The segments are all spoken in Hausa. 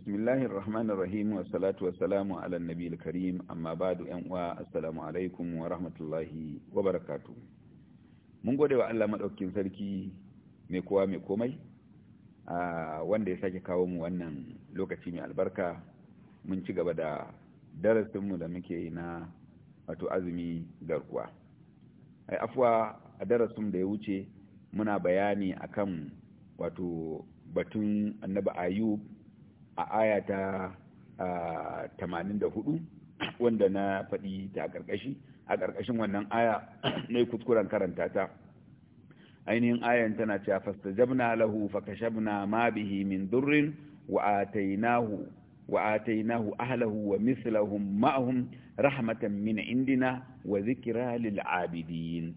bismillahir rahmanir rahim wa salatu wa salamu ala nabiyil karim amma ba'du yan uwa assalamu alaikum wa rahmatullahi wa barakatuh mun gode wa Allah madaukakin sarki mai kowa mai komai a wanda ya sake kawo mu wannan lokaci mai albarka mun ci gaba da darasin mu da muke na wato azumi garkuwa ai afwa a darasin da ya wuce muna bayani akan wato batun annabi ayub a aya ta 84 wanda na faɗi ta ƙarƙashi a ƙarƙashin wannan aya ne kuskuren karanta ta ainihin ayan tana cewa fastajabna lahu fakashabna ma bihi min durrin wa atainahu ahlahu wa mislahum ma'ahum rahmatan min indina wa zikra lil abidin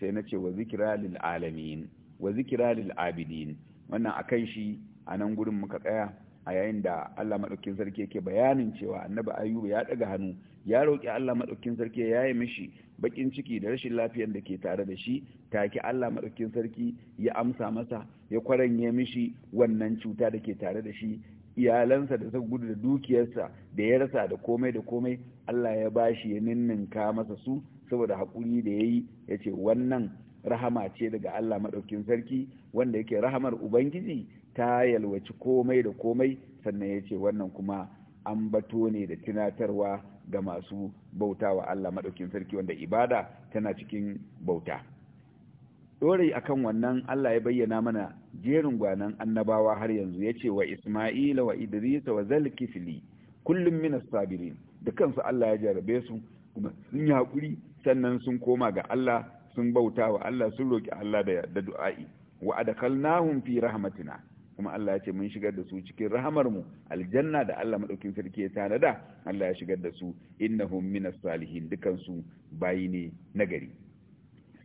sai nace wa zikra lil alamin wa zikra lil abidin wannan akan shi a nan gurin muka tsaya a yayin da Allah maɗaukin sarki yake bayanin cewa annabi ayyuba ya ɗaga hannu ya roƙi Allah maɗaukin sarki ya yi mishi baƙin ciki da rashin lafiyar da ke tare da shi take Allah maɗaukin sarki ya amsa masa ya kwaranye mishi wannan cuta da ke tare da shi iyalansa da sun gudu da dukiyarsa da ya rasa da komai da komai Allah ya bashi ya ninninka masa su saboda haƙuri da ya yi ya ce wannan rahama ce daga Allah maɗaukin sarki wanda yake rahamar Ubangiji ta yalwaci komai da komai sannan ya ce wannan kuma an bato ne da tunatarwa ga masu bauta wa Allah maɗaukin sarki wanda ibada tana cikin bauta ɗorai akan wannan Allah ya bayyana mana jerin gwanan annabawa har yanzu ya ce wa Ismaila wa Idrisa wa Zalkifili kullum mina sabirin da kansu Allah ya jarabe su kuma sun yi haƙuri sannan sun koma ga Allah sun bauta wa Allah sun roƙi Allah da du'a'i wa adakalnahum fi rahmatina kuma Allah ya ce mun shigar da su cikin rahamar mu aljanna da Allah madaukin sarki ya tanada Allah ya shigar da su innahum minas salihin dukan su bayi ne nagari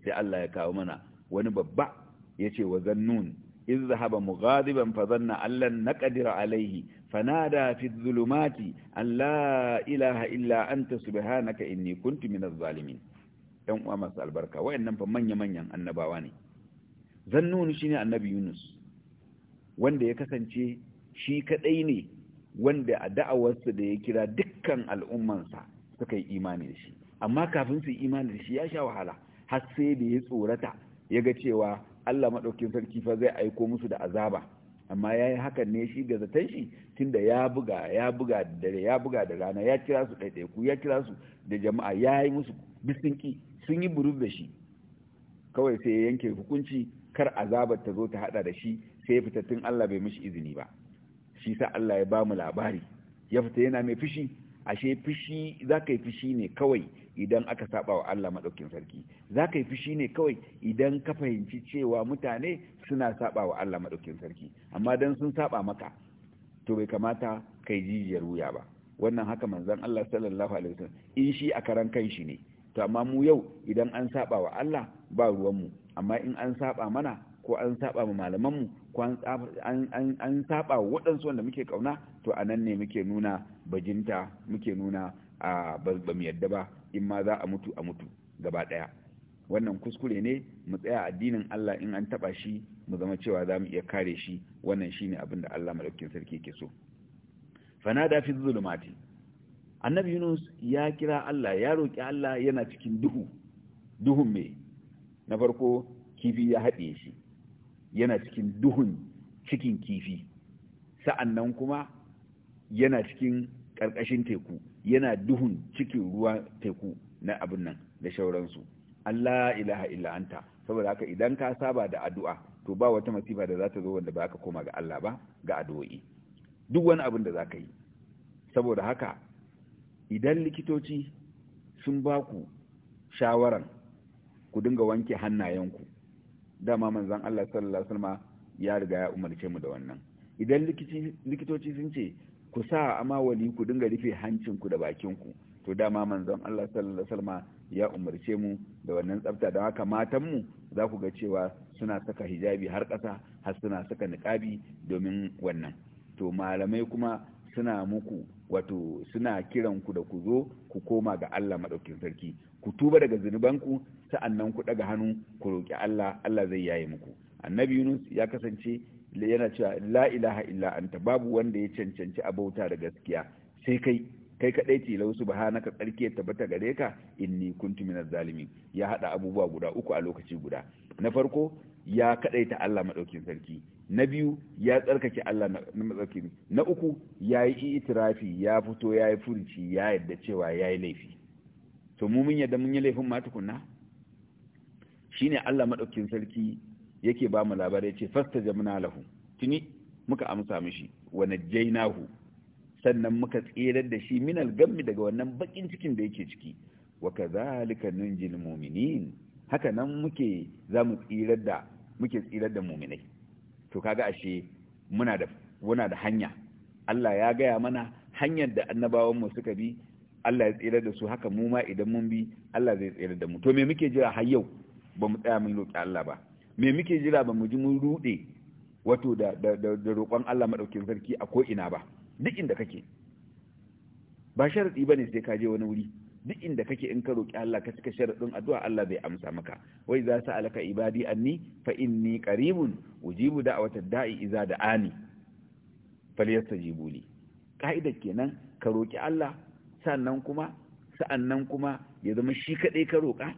sai Allah ya kawo mana wani babba yace wa zannun iz zahaba mughadiban fa zanna allan naqdir alayhi fanada fi dhulumati an la ilaha illa anta subhanaka inni kuntu minaz zalimin dan uwa masu albarka wayannan fa manya manyan annabawa ne zannun shine annabi Yunus wanda ya kasance shi kadai ne wanda a da'awarsa da ya kira dukkan al'ummansa suka yi imani da shi amma kafin su yi imani da shi ya sha wahala har sai da ya tsorata ya ga cewa Allah maɗaukin sarki fa zai aiko musu da azaba amma ya yi hakan ne shi gazatan shi tunda ya buga ya buga da dare ya buga da rana ya kira su ɗaiɗaiku ya kira su da jama'a ya yi musu bisinki sun yi buruf da shi kawai sai ya yanke hukunci kar azabar ta zo ta hada da shi sai tun Allah bai mishi izini ba shi sa Allah ya ba mu labari ya fita yana mai fishi ashe fishi za ka yi fishi ne kawai idan aka saba wa Allah maɗaukin sarki za ka yi fishi ne kawai idan ka fahimci cewa mutane suna saba wa Allah maɗaukin sarki amma don sun saba maka to bai kamata ka jijiyar wuya ba wannan haka manzon Allah sallallahu alaihi wasallam in shi a karan shi ne to amma mu yau idan an saba wa Allah ba ruwan mu amma in an saba mana ko an saba ma malamanmu ko an saba waɗansu wanda muke kauna to a nan ne muke nuna bajinta muke nuna a mu yadda ba in ma za a mutu a mutu gaba ɗaya wannan kuskure ne mu tsaya addinin Allah in an taba shi mu zama cewa za mu iya kare shi wannan shine abin da Allah madaukakin sarki yake so fanada fi zulumati annabi Yunus ya kira Allah ya roki Allah yana cikin duhu duhun me na farko kifi ya haɗe shi yana cikin duhun cikin kifi sa'annan kuma yana cikin ƙarƙashin teku yana duhun cikin ruwa teku na abin nan da shauransu Allah ilaha illa anta saboda haka idan ka saba da addu'a to ba wata masifa da za ta zo wanda ba ka koma ga Allah ba ga addu'o'i duk wani abin da za ka yi saboda haka idan likitoci sun ba ku shawaran ku dinga wanke hannayenku dama manzan Allah sallallahu alaihi wasallam ya riga ya umarce mu da wannan idan likitoci sun ce ku sa amawali ku dinga rufe hancinku da bakinku to dama manzan Allah sallallahu alaihi wasallam ya umarce mu da wannan tsafta da haka matan mu za ku ga cewa suna saka hijabi har ƙasa har suna saka niqabi domin wannan to malamai kuma suna muku wato suna kiran ku da ku zo ku koma ga Allah maɗaukin sarki ku tuba daga zunubanku sa'annan ku daga hannu ku roki Allah Allah zai yaye muku annabi Yunus ya kasance yana cewa la ilaha illa anta babu wanda ya cancanci abauta da gaskiya sai kai kai kadai tilau ka tsarki ta bata gare ka inni kuntu minaz zalimi ya hada abubuwa guda uku a lokaci guda na farko ya kadaita Allah madaukin sarki na biyu ya tsarkake Allah na madaukin na uku yayi itirafi ya fito yayi furci ya yadda cewa yayi laifi to mu mun yadda mun yi laifin ma tukunna shine Allah madaukin sarki yake ba mu labarai ce jamna lahu tuni muka amsa mishi wa najjaynahu sannan muka tsirar da shi min algammi daga wannan bakin cikin da yake ciki wa kadhalika nunjil mu'minin haka nan muke mu tsirar da muke tsirar da mu'minai to kaga ashe muna da muna da hanya Allah ya gaya mana hanyar da annabawan mu suka bi Allah ya tsirar da su haka mu ma idan mun bi Allah zai tsirar da mu to me muke jira har yau ba mu tsaya mun roƙi Allah ba me muke jira ba mu ji mun rude wato da da roƙon Allah madaukin sarki a ko ina ba duk inda kake ba sharadi bane sai ka je wani wuri duk inda kake in ka roƙi Allah ka cika sharadin addu'a Allah bai amsa maka wai za sa alaka ibadi anni fa inni qaribun ujibu da'wata da'i iza da'ani falyastajibu li ka'idar kenan ka roƙi Allah sannan kuma sa'annan kuma ya zama shi kaɗai ka roƙa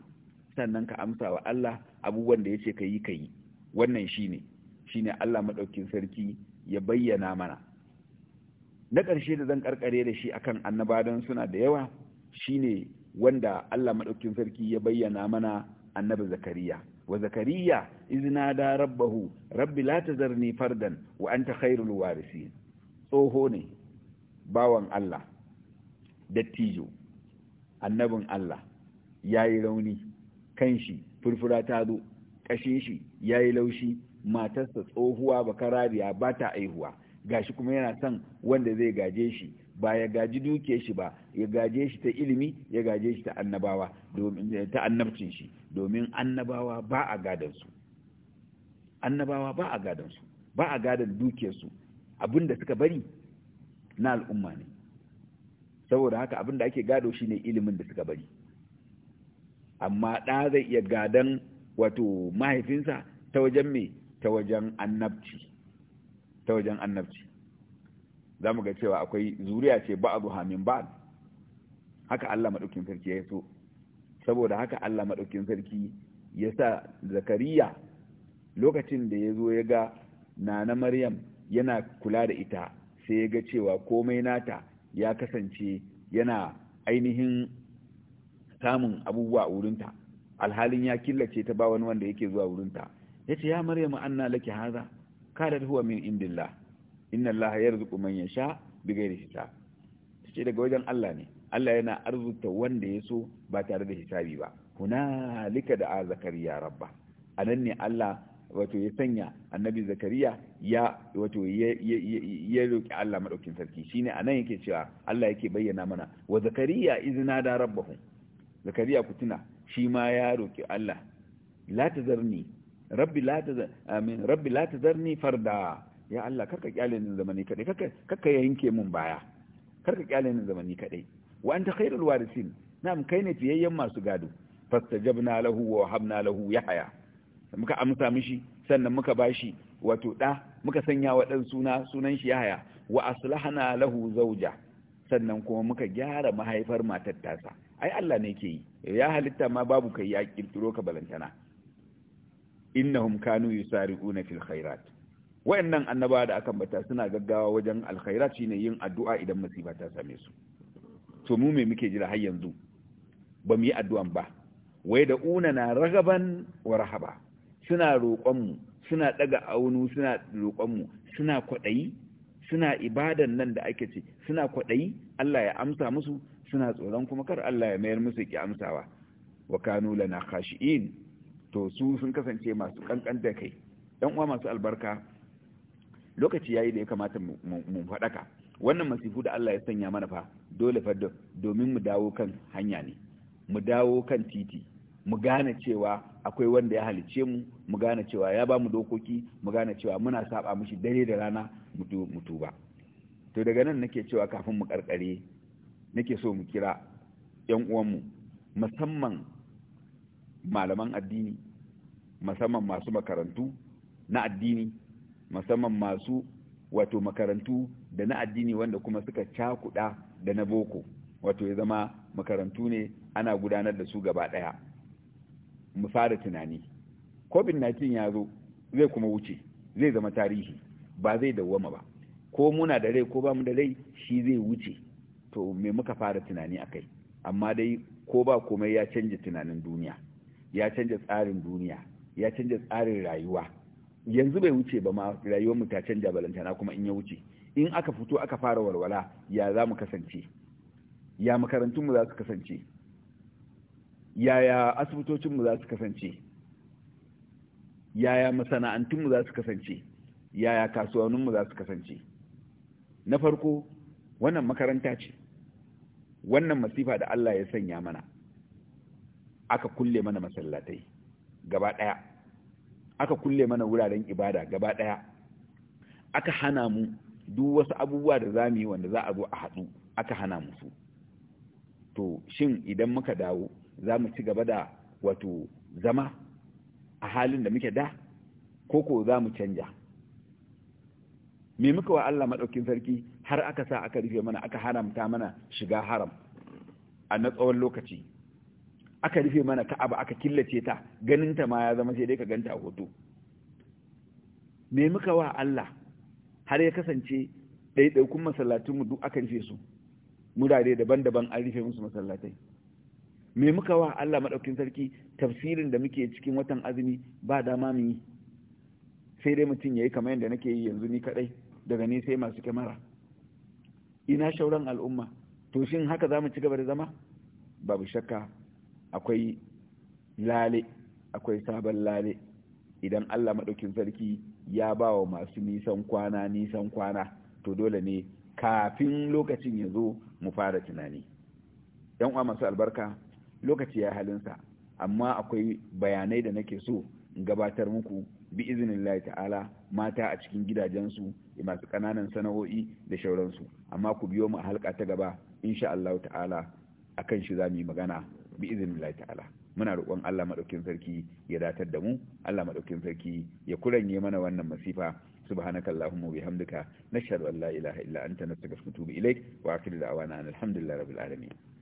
sannan ka amsa wa Allah abubuwan da ya ce ka yi ka yi. wannan shine shine Allah maɗaukin sarki ya bayyana mana na ƙarshe da zan karkare da shi akan annabadan suna da yawa shine wanda Allah maɗaukin sarki ya bayyana mana annabi zakariya wa zakariya izna da rabbahu rabbi la tazarni fardan wa anta khairul warisin tsoho ne bawan Allah dattijo annabin Allah ya yi rauni kan shi furfura ta zo ƙashin shi ya yi laushi matarsa tsohuwa ba karariya ba ta aihuwa gashi kuma yana son wanda zai gaje shi ba ya gaji duke shi ba ya gaje shi ta ilimi ya gaje shi ta annabawa ta annabcin shi domin annabawa ba a gadansu annabawa ba a gadansu ba a gadan dukiyarsu abinda suka bari na al'umma ne saboda haka abinda ake gado shine ilimin da suka bari amma ɗa zai iya gadon wato mahaifinsa ta wajen me ta wajen annabci ta wajen annabci za mu ga cewa akwai zuriya ce ba abu min ba haka Allah maɗaukin sarki ya so saboda haka Allah maɗaukin sarki ya sa zakariya lokacin da ya zo ya ga nana maryam yana kula da ita sai ya ga cewa komai nata ya kasance yana ainihin samun abubuwa a wurinta alhalin ya killace ta ba wani wanda yake zuwa wurinta ya ce ya maryamu anna laki haza kadat huwa min indillah inna allaha yarzuqu man yasha bighairi hisab ce daga wajen Allah ne Allah yana arzuta wanda ya so ba tare da hisabi ba hunalika da zakariya rabba anan ne Allah wato ya sanya annabi zakariya ya wato ya roki Allah madaukin sarki shine anan yake cewa Allah yake bayyana mana wa zakariya izna da rabbahu zakariya kutuna shi ma ya roki Allah la rabbi la ta zarni rabbi la farda ya Allah karka kyale ni zamani kadai karka karka yanke mun baya karka kyale ni zamani kadai wa anta khairul warisin na'am kai ne fiyayyen masu gado fastajabna lahu wa habna lahu yahya muka amsa mishi sannan muka bashi wato da muka sanya wa dan suna sunan shi yahya wa aslahna lahu zawja sannan kuma muka gyara mahaifar matar tasa ai Allah ne ke yi ya halitta ma babu kai ya kirkiro ka balantana innahum kanu yusari'una fil khairat wayannan annabawa da aka bata suna gaggawa wajen alkhairat shine yin addu'a idan musiba ta same su to mu me muke jira har yanzu ba mu yi addu'an ba wai da una na ragaban wa rahaba suna roƙon mu suna daga aunu suna roƙon mu suna kwadayi suna ibadan nan da ake ce suna kwadayi Allah ya amsa musu suna tsoron kuma kar Allah ya mayar musu ki amsawa wa kanu lana khashiin to su sun kasance masu kankan da kai dan uwa masu albarka lokaci yayi da ya kamata mu faɗaka wannan masifu da Allah ya sanya mana fa dole fa domin mu dawo kan hanya ne mu dawo kan titi mu gane cewa akwai wanda ya halice mu mu gane cewa ya ba mu dokoki mu gane cewa muna saba mishi dare da rana mu tuba to daga nan nake cewa kafin mu karkare nake so mu kira 'yan uwanmu musamman malaman addini musamman masu makarantu na addini musamman masu wato makarantu da na addini wanda kuma suka cakuda da na boko wato ya zama makarantu ne ana gudanar da su gaba ɗaya mu fara tunani covid-19 ya zo zai kuma wuce zai zama tarihi ba zai dawwama ba ko muna da rai ko ba mu da rai shi zai wuce to me muka fara tunani a kai? amma dai ko ba komai ya canja tunanin duniya ya canja tsarin duniya ya canja tsarin rayuwa yanzu bai wuce ba ma rayuwar mu ta canja balantana kuma in ya wuce in aka fito aka fara walwala ya za mu kasance ya makarantun mu za su kasance yaya asibitocin mu za su kasance yaya masana'antun mu za su kasance yaya kasuwannin mu za su kasance na farko wannan makaranta ce wannan masifa da Allah ya sanya mana aka kulle mana masallatai gaba ɗaya aka kulle mana wuraren ibada gaba ɗaya aka hana mu duk wasu abubuwa da za mu yi wanda za a zo a haɗu aka hana mu su to shin idan muka dawo za mu ci gaba da wato zama a halin da muke da koko za mu canja me muka wa Allah maɗaukin sarki har aka sa aka rufe mana aka haramta mana shiga haram a na tsawon lokaci aka rufe mana ka'aba aka killace ta ganinta ma ya zama sai dai ka ganta a hoto me muka wa Allah har ya kasance ɗaiɗaikun masallatunmu duk aka rufe su murare daban-daban an rufe musu masallatai me muka wa Allah Madaukin sarki tafsirin da muke cikin watan azumi ba dama mu yi sai dai mutum ya yi kamar yanda nake yi yanzu ni kaɗai daga ne sai masu kyamara ina shauran al'umma to shin haka za mu ci gaba da zama babu shakka akwai lale akwai sabon lale idan Allah maɗaukin sarki ya ba wa masu nisan kwana nisan kwana to dole ne kafin lokacin ya zo mu fara tunani yan uwa masu albarka lokaci ya halinsa amma akwai bayanai da nake so in gabatar muku bi Allah ta'ala mata a cikin gidajensu da masu kananan sana'o'i da shauransu amma ku biyo mu a halka ta gaba insha Allah ta'ala akan shi zamu yi magana bi Allah ta'ala muna roƙon Allah madaukin sarki ya datar da mu Allah madaukin sarki ya kuranye mana wannan masifa سبحانك اللهم وبحمدك نشهد أن لا إله إلا أنت نستغفرك ونتوب إليك وآخر دعوانا أن الحمد لله رب